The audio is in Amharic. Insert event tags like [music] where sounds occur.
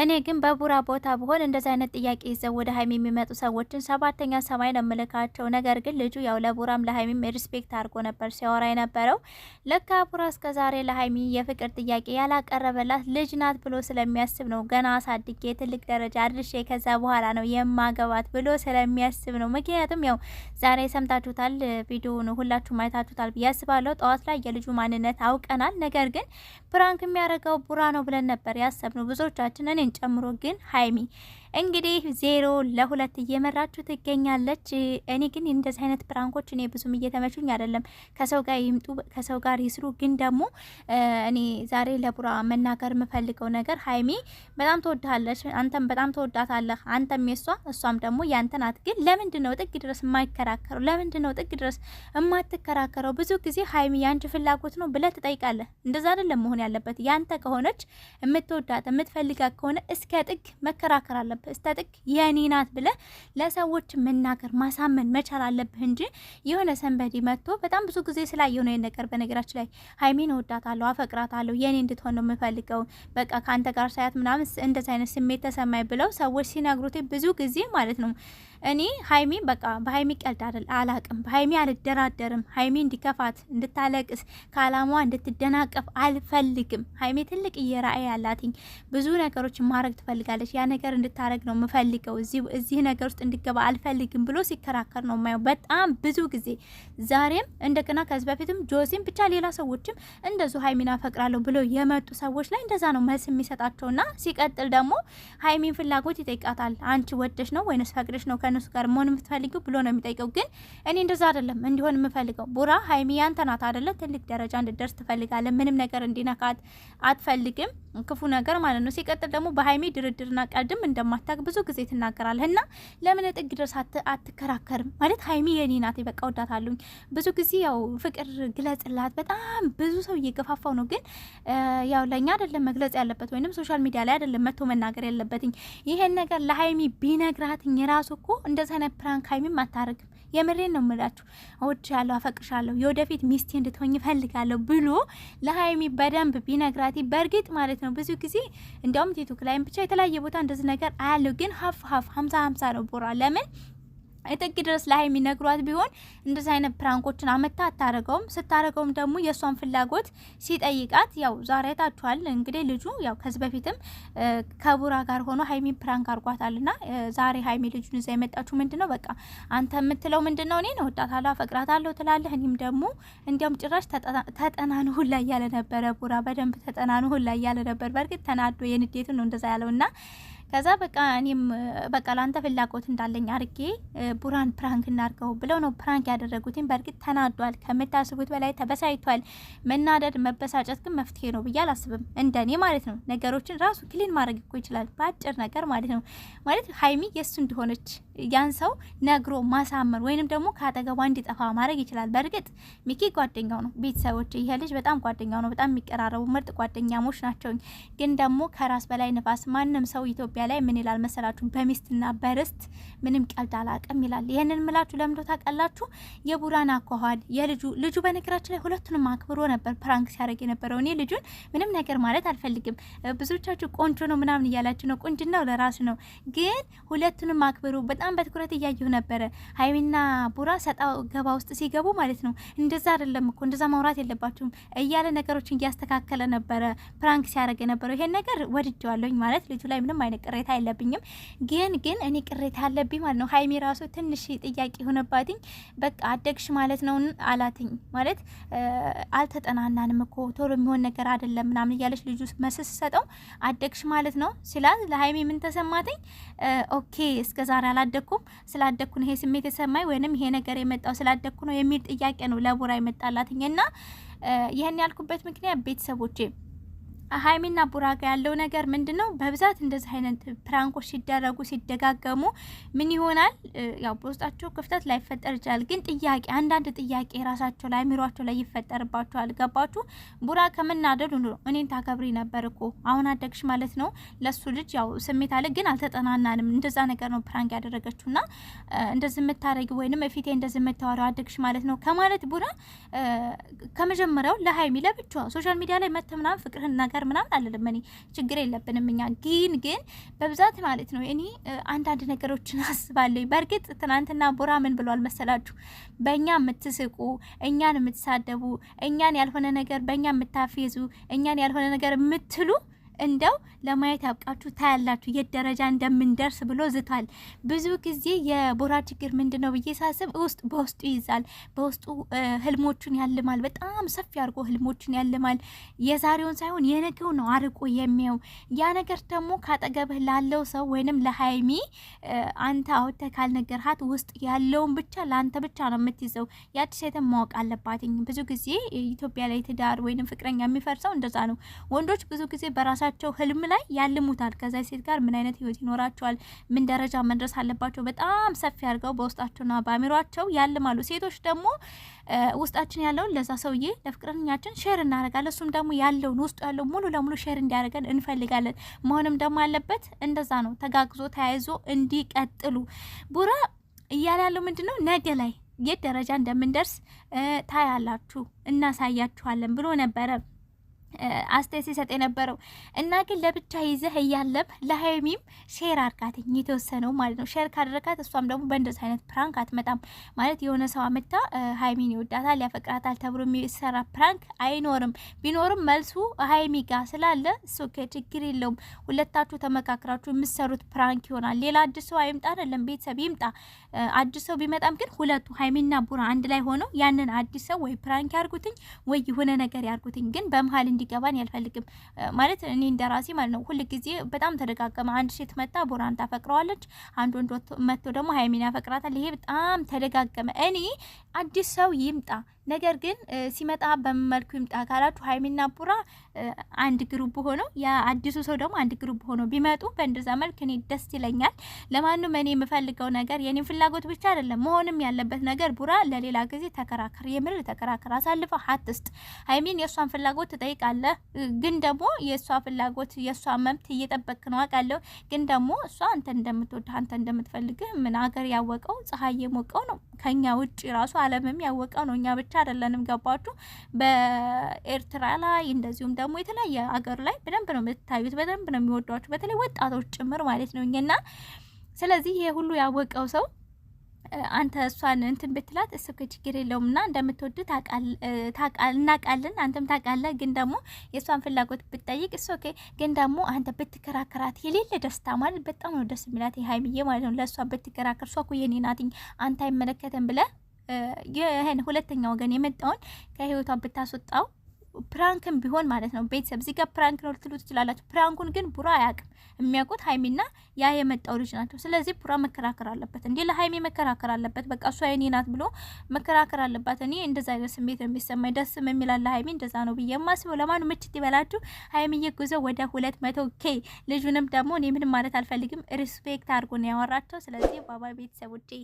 እኔ ግን በቡራ ቦታ ብሆን እንደዚህ አይነት ጥያቄ ይዘው ወደ ሀይሚ የሚመጡ ሰዎችን ሰባተኛ ሰማይ ነው የምልካቸው። ነገር ግን ልጁ ያው ለቡራም ለሀይሚም ሪስፔክት አድርጎ ነበር ሲያወራ የነበረው። ለካ ቡራ እስከ ዛሬ ለሀይሚ የፍቅር ጥያቄ ያላቀረበላት ልጅ ናት ብሎ ስለሚያስብ ነው። ገና አሳድጌ ትልቅ ደረጃ አድርሼ ከዛ በኋላ ነው የማገባት ብሎ ስለሚያስብ ነው። ምክንያቱም ያው ዛሬ ሰምታችሁታል፣ ቪዲዮውን ሁላችሁ ማየታችሁታል ብዬ አስባለሁ። ጠዋት ላይ የልጁ ማንነት አውቀናል። ነገር ግን ፕራንክ የሚያደርገው ቡራ ነው ብለን ነበር ያሰብነው ብዙዎቻችን እኔ ቡሬን ጨምሮ ግን ሀይሚ እንግዲህ ዜሮ ለሁለት እየመራችሁ ትገኛለች። እኔ ግን እንደዚህ አይነት ፕራንኮች እኔ ብዙም እየተመቹኝ አይደለም። ከሰው ጋር ይምጡ፣ ከሰው ጋር ይስሩ። ግን ደግሞ እኔ ዛሬ ለቡራ መናገር የምፈልገው ነገር ሀይሚ በጣም ትወድሃለች፣ አንተም በጣም ትወዳታለህ። አንተም የሷ እሷም ደግሞ ያንተ ናት። ግን ለምንድን ነው ጥግ ድረስ የማይከራከረው? ለምንድን ነው ጥግ ድረስ የማትከራከረው? ብዙ ጊዜ ሀይሚ ያንቺ ፍላጎት ነው ብለህ ትጠይቃለህ። እንደዛ አይደለም መሆን ያለበት። ያንተ ከሆነች የምትወዳት የምትፈልጋት ከሆነ ከሆነ እስከ ጥግ መከራከር አለብህ። እስከ ጥግ የኔ ናት ብለህ ለሰዎች መናገር ማሳመን መቻል አለብህ እንጂ የሆነ ሰንበዴ መጥቶ በጣም ብዙ ጊዜ ስላየው ነው ነገር። በነገራችን ላይ ሀይሜን እወዳታለሁ፣ አፈቅራታለሁ፣ የኔ እንድትሆን ነው የምፈልገው፣ በቃ ከአንተ ጋር ሳያት ምናምን እንደዚህ አይነት ስሜት ተሰማኝ ብለው ሰዎች ሲነግሩት ብዙ ጊዜ ማለት ነው እኔ ሀይሚ በቃ በሀይሚ ቀልድ አይደል አላቅም፣ በሀይሚ አልደራደርም። ሀይሚ እንዲከፋት እንድታለቅስ፣ ከአላማዋ እንድትደናቀፍ አልፈልግም። ሀይሚ ትልቅ እየራእይ ያላትኝ ብዙ ነገሮች ማድረግ ትፈልጋለች። ያ ነገር እንድታረግ ነው የምፈልገው፣ እዚህ ነገር ውስጥ እንድገባ አልፈልግም ብሎ ሲከራከር ነው የማየው በጣም ብዙ ጊዜ። ዛሬም እንደገና ከዚህ በፊትም ጆሲም ብቻ ሌላ ሰዎችም እንደዙ ሀይሚን አፈቅራለሁ ብሎ የመጡ ሰዎች ላይ እንደዛ ነው መልስ የሚሰጣቸውና ሲቀጥል ደግሞ ሀይሚን ፍላጎት ይጠይቃታል። አንቺ ወደሽ ነው ወይንስ ፈቅደሽ ነው ከነሱ ጋር መሆን የምትፈልጊው ብሎ ነው የሚጠይቀው። ግን እኔ እንደዛ አይደለም እንዲሆን የምፈልገው ቡራ፣ ሀይሚ ያንተ ናት አይደለ? ትልቅ ደረጃ እንድደርስ ትፈልጋለ ምንም ነገር እንዲነካት አትፈልግም። ክፉ ነገር ማለት ነው። ሲቀጥል ደግሞ በሀይሚ ድርድርና ቀልድም እንደማታቅ ብዙ ጊዜ ትናገራለህ እና ለምን ጥግ ድረስ አትከራከርም? ማለት ሀይሜ የኔ ናት፣ በቃ ወዳታለሁ። ብዙ ጊዜ ያው ፍቅር ግለጽላት፣ በጣም ብዙ ሰው እየገፋፋው ነው። ግን ያው ለእኛ አይደለም መግለጽ ያለበት ወይም ሶሻል ሚዲያ ላይ አይደለም መጥቶ መናገር ያለበትኝ ይሄን ነገር ለሀይሚ ቢነግራትኝ የራሱ እኮ እንደዚህ አይነት ፕራንክ ሀይሚም አታርግም የምሬን ነው የምላችሁ። እወድሻለሁ፣ አፈቅርሻለሁ፣ የወደፊት ሚስቴ እንድትሆኝ እፈልጋለሁ ብሎ ለሀይሚ በደንብ ቢነግራት በእርግጥ ማለት ነው ብዙ ጊዜ እንዲያውም ቲክቶክ ላይም ብቻ የተለያየ ቦታ እንደዚህ ነገር አያለሁ። ግን ሀፍ ሀፍ ሀምሳ ሀምሳ ነው ቦራ ለምን ጥግ ድረስ ለሀይሚ የሚነግሯት ቢሆን እንደዚህ አይነት ፕራንኮችን አመታ አታረገውም። ስታረገውም ደግሞ የእሷን ፍላጎት ሲጠይቃት ያው ዛሬ ታችኋል እንግዲህ ልጁ ያው ከዚህ በፊትም ከቡራ ጋር ሆኖ ሀይሚ ፕራንክ አርጓታል። ና ዛሬ ሀይሚ ልጁን እዛ የመጣችሁ ምንድን ነው? በቃ አንተ የምትለው ምንድን ነው? እኔ እኔን እወዳታለሁ አፈቅራታለሁ ትላለህ፣ እኔም ደግሞ እንዲያውም ጭራሽ ተጠናን ሁላ እያለ ነበረ ቡራ በደንብ ተጠናን ሁላ እያለ ነበር። በእርግጥ ተናዶ የንዴቱን ነው እንደዛ ያለው ና ከዛ በቃ እኔም በቃ ላንተ ፍላጎት እንዳለኝ አርጌ ቡራን ፕራንክ እናርገው ብለው ነው ፕራንክ ያደረጉትን። በእርግጥ ተናዷል፣ ከምታስቡት በላይ ተበሳይቷል። መናደድ መበሳጨት ግን መፍትሄ ነው ብዬ አላስብም፣ እንደኔ ማለት ነው። ነገሮችን ራሱ ክሊን ማድረግ እኮ ይችላል፣ በአጭር ነገር ማለት ነው። ማለት ሀይሚ የእሱ እንደሆነች ያን ሰው ነግሮ ማሳመር ወይንም ደግሞ ከአጠገቧ እንዲጠፋ ማድረግ ይችላል። በእርግጥ ሚኪ ጓደኛው ነው፣ ቤተሰቦች ይሄ ልጅ በጣም ጓደኛው ነው። በጣም የሚቀራረቡ ምርጥ ጓደኛሞች ናቸው። ግን ደግሞ ከራስ በላይ ንፋስ ማንም ሰው ኢትዮጵያ ኢትዮጵያ ላይ ምን ይላል መሰላችሁ? በሚስትና በርስት ምንም ቀልድ አላቅም ይላል። ይህንን ምላችሁ ለምዶ ታቀላችሁ። የቡራን አኳኋን የልጁ ልጁ በነገራችን ላይ ሁለቱንም አክብሮ ነበር ፕራንክ ሲያደርግ የነበረው። እኔ ልጁን ምንም ነገር ማለት አልፈልግም። ብዙዎቻችሁ ቆንጆ ነው ምናምን እያላችሁ ነው። ቁንጅናው ለራሱ ነው፣ ግን ሁለቱንም አክብሮ በጣም በትኩረት እያየሁ ነበረ። ሀይሚና ቡራ ሰጣ ገባ ውስጥ ሲገቡ ማለት ነው። እንደዛ አይደለም እኮ እንደዛ ማውራት የለባችሁም እያለ ነገሮችን እያስተካከለ ነበረ ፕራንክ ሲያደርግ የነበረው። ይሄን ነገር ወድጀዋለሁኝ ማለት ልጁ ላይ ምንም አይነት ቅሬታ የለብኝም። ግን ግን እኔ ቅሬታ አለብኝ ማለት ነው። ሀይሚ ራሱ ትንሽ ጥያቄ የሆነባትኝ በቃ አደግሽ ማለት ነው አላትኝ ማለት አልተጠናናንም እኮ ቶሎ የሚሆን ነገር አይደለም ምናምን እያለች ልጁ መስስ ሰጠው አደግሽ ማለት ነው ሲላል ለሀይሚ ምን ተሰማትኝ? ኦኬ እስከ ዛሬ አላደግኩም ስላደግኩ ነው ይሄ ስሜት የሰማኝ ወይንም ይሄ ነገር የመጣው ስላደግኩ ነው የሚል ጥያቄ ነው ለቡራ የመጣላትኝ እና ይህን ያልኩበት ምክንያት ቤተሰቦቼ ሀይሚና ቡራጋ ያለው ነገር ምንድን ነው? በብዛት እንደዚህ አይነት ፕራንኮች ሲደረጉ ሲደጋገሙ ምን ይሆናል? ያው በውስጣቸው ክፍተት ላይፈጠር ይችላል፣ ግን ጥያቄ አንዳንድ ጥያቄ ራሳቸው ላይ አሚሯቸው ላይ ይፈጠርባቸዋል። ገባችሁ? ቡራ ከምናደዱ እኔን ታከብሪ ነበር እኮ አሁን አደግሽ ማለት ነው። ለሱ ልጅ ያው ስሜት አለ፣ ግን አልተጠናናንም። እንደዛ ነገር ነው ፕራንክ ያደረገችው ና እንደዚህ የምታደረጊ ወይንም ፊቴ እንደዚህ የምታወራው አደግሽ ማለት ነው ከማለት ቡራ ከመጀመሪያው ለሀይሚ ለብቻ ሶሻል ሚዲያ ላይ መተምናም ፍቅርህን ነገር ነገር ምናምን አለልም። እኔ ችግር የለብንም እኛ ግን ግን በብዛት ማለት ነው እኔ አንዳንድ ነገሮችን [laughs] አስባለኝ። በእርግጥ ትናንትና ቦራ ምን ብሏል መሰላችሁ? በእኛ የምትስቁ እኛን የምትሳደቡ እኛን ያልሆነ ነገር በእኛ የምታፌዙ እኛን ያልሆነ ነገር የምትሉ እንደው ለማየት ያብቃችሁ ታያላችሁ የት ደረጃ እንደምንደርስ ብሎ ዝቷል። ብዙ ጊዜ የቦራ ችግር ምንድን ነው ብዬ ሳስብ ውስጥ በውስጡ ይዛል፣ በውስጡ ህልሞቹን ያልማል። በጣም ሰፊ አድርጎ ህልሞቹን ያልማል። የዛሬውን ሳይሆን የነገው ነው አርቆ የሚያው ያ ነገር ደግሞ ካጠገብህ ላለው ሰው ወይንም ለሀይሚ አንተ አውጥተህ ካልነገርሃት ውስጥ ያለውን ብቻ ለአንተ ብቻ ነው የምትይዘው። የአዲስ ሴትን ማወቅ አለባትኝ። ብዙ ጊዜ ኢትዮጵያ ላይ ትዳር ወይንም ፍቅረኛ የሚፈርሰው እንደዛ ነው። ወንዶች ብዙ ጊዜ በራሳ ራሳቸው ህልም ላይ ያልሙታል። ከዛ ሴት ጋር ምን አይነት ህይወት ይኖራቸዋል፣ ምን ደረጃ መድረስ አለባቸው፣ በጣም ሰፊ አድርገው በውስጣቸውና በአሚሯቸው ያልማሉ። ሴቶች ደግሞ ውስጣችን ያለውን ለዛ ሰውዬ ለፍቅረኛችን ሼር እናደርጋለን። እሱም ደግሞ ያለውን ውስጡ ያለው ሙሉ ለሙሉ ሼር እንዲያደርገን እንፈልጋለን። መሆንም ደግሞ አለበት። እንደዛ ነው ተጋግዞ ተያይዞ እንዲቀጥሉ ቡራ እያለ ያለው ምንድን ነው ነገ ላይ የት ደረጃ እንደምንደርስ ታያላችሁ፣ እናሳያችኋለን ብሎ ነበረ። አስተያየት ሲሰጥ የነበረው እና ግን ለብቻ ይዘህ እያለም ለሀይሚም ሼር አርጋትኝ የተወሰነው ማለት ነው። ሼር ካደረጋት እሷም ደግሞ በእንደዚህ አይነት ፕራንክ አትመጣም ማለት የሆነ ሰው አመታ ሀይሚን ይወዳታል ያፈቅራታል ተብሎ የሚሰራ ፕራንክ አይኖርም። ቢኖርም መልሱ ሀይሚ ጋ ስላለ እሱ ችግር የለውም። ሁለታችሁ ተመካክራችሁ የምሰሩት ፕራንክ ይሆናል። ሌላ አዲስ ሰው አይምጣ፣ አይደለም ቤተሰብ ይምጣ። አዲስ ሰው ቢመጣም ግን ሁለቱ ሀይሚና ቡራ አንድ ላይ ሆነው ያንን አዲስ ሰው ወይ ፕራንክ ያርጉትኝ ወይ የሆነ ነገር ያርጉትኝ ግን በመሀል እንዲገባን ያልፈልግም ማለት እኔ እንደራሴ ማለት ነው። ሁል ጊዜ በጣም ተደጋገመ። አንድ ሴት መጣ ቦራን ታፈቅረዋለች፣ አንድ ወንድ መጥቶ ደግሞ ሀይሚን ያፈቅራታል። ይሄ በጣም ተደጋገመ። እኔ አዲስ ሰው ይምጣ፣ ነገር ግን ሲመጣ በመልኩ ይምጣ ካላችሁ ሀይሚና ቡራ አንድ ግሩብ ሆኖ የአዲሱ ሰው ደግሞ አንድ ግሩብ ሆኖ ቢመጡ በእንደዛ መልክ እኔ ደስ ይለኛል። ለማንም እኔ የምፈልገው ነገር የኔ ፍላጎት ብቻ አይደለም መሆንም ያለበት ነገር። ቡራ ለሌላ ጊዜ ተከራከር፣ የምር ተከራከር፣ አሳልፈው ሀት ስጥ። የእሷን ፍላጎት ትጠይቃለህ፣ ግን ደግሞ የእሷ ፍላጎት የእሷ መብት እየጠበቅ ነው አውቃለሁ። ግን ደግሞ እሷ አንተ እንደምትወድህ አንተ እንደምትፈልግህ ምን አገር ያወቀው ፀሐይ የሞቀው ነው ከኛ ውጭ ራሱ ዓለምም ያወቀው ነው። እኛ ብቻ አይደለንም። ገባችሁ? በኤርትራ ላይ እንደዚሁም ደግሞ የተለያየ አገር ላይ በደንብ ነው የምትታዩት፣ በደንብ ነው የሚወዷችሁ፣ በተለይ ወጣቶች ጭምር ማለት ነው እና ስለዚህ ይሄ ሁሉ ያወቀው ሰው አንተ እሷን እንትን ብትላት እሱ ችግር የለውም ና እንደምትወድ እናውቃለን፣ አንተም ታቃለ። ግን ደግሞ የእሷን ፍላጎት ብትጠይቅ እሱ ኦኬ። ግን ደግሞ አንተ ብትከራከራት የሌለ ደስታ ማለት በጣም ነው ደስ የሚላት የሀይሚዬ ማለት ነው። ለእሷ ብትከራከር እሷ እኮ የኔ ናትኝ አንተ አይመለከትም ብለ ይህን ሁለተኛ ወገን የመጣውን ከህይወቷ ብታስወጣው ፕራንክም ቢሆን ማለት ነው። ቤተሰብ እዚህ ጋር ፕራንክ ነው ልትሉ ትችላላችሁ። ፕራንኩን ግን ቡራ አያውቅም። የሚያውቁት ሀይሚና ያ የመጣው ልጅ ናቸው። ስለዚህ ቡራ መከራከር አለበት እንዴ፣ ለሀይሚ መከራከር አለበት። በቃ እሷ የኔ ናት ብሎ መከራከር አለባት። እኔ እንደዛ አይነት ስሜት ነው የሚሰማኝ። ደስም የሚላለ ሀይሚ እንደዛ ነው ብዬ የማስበው። ለማኑ ምችት ይበላችሁ። ሀይሚዬ ጉዞ ወደ ሁለት መቶ ኬ። ልጁንም ደግሞ እኔ ምንም ማለት አልፈልግም። ሪስፔክት አድርጎ ነው ያወራቸው። ስለዚህ ባባ ቤተሰቦቼ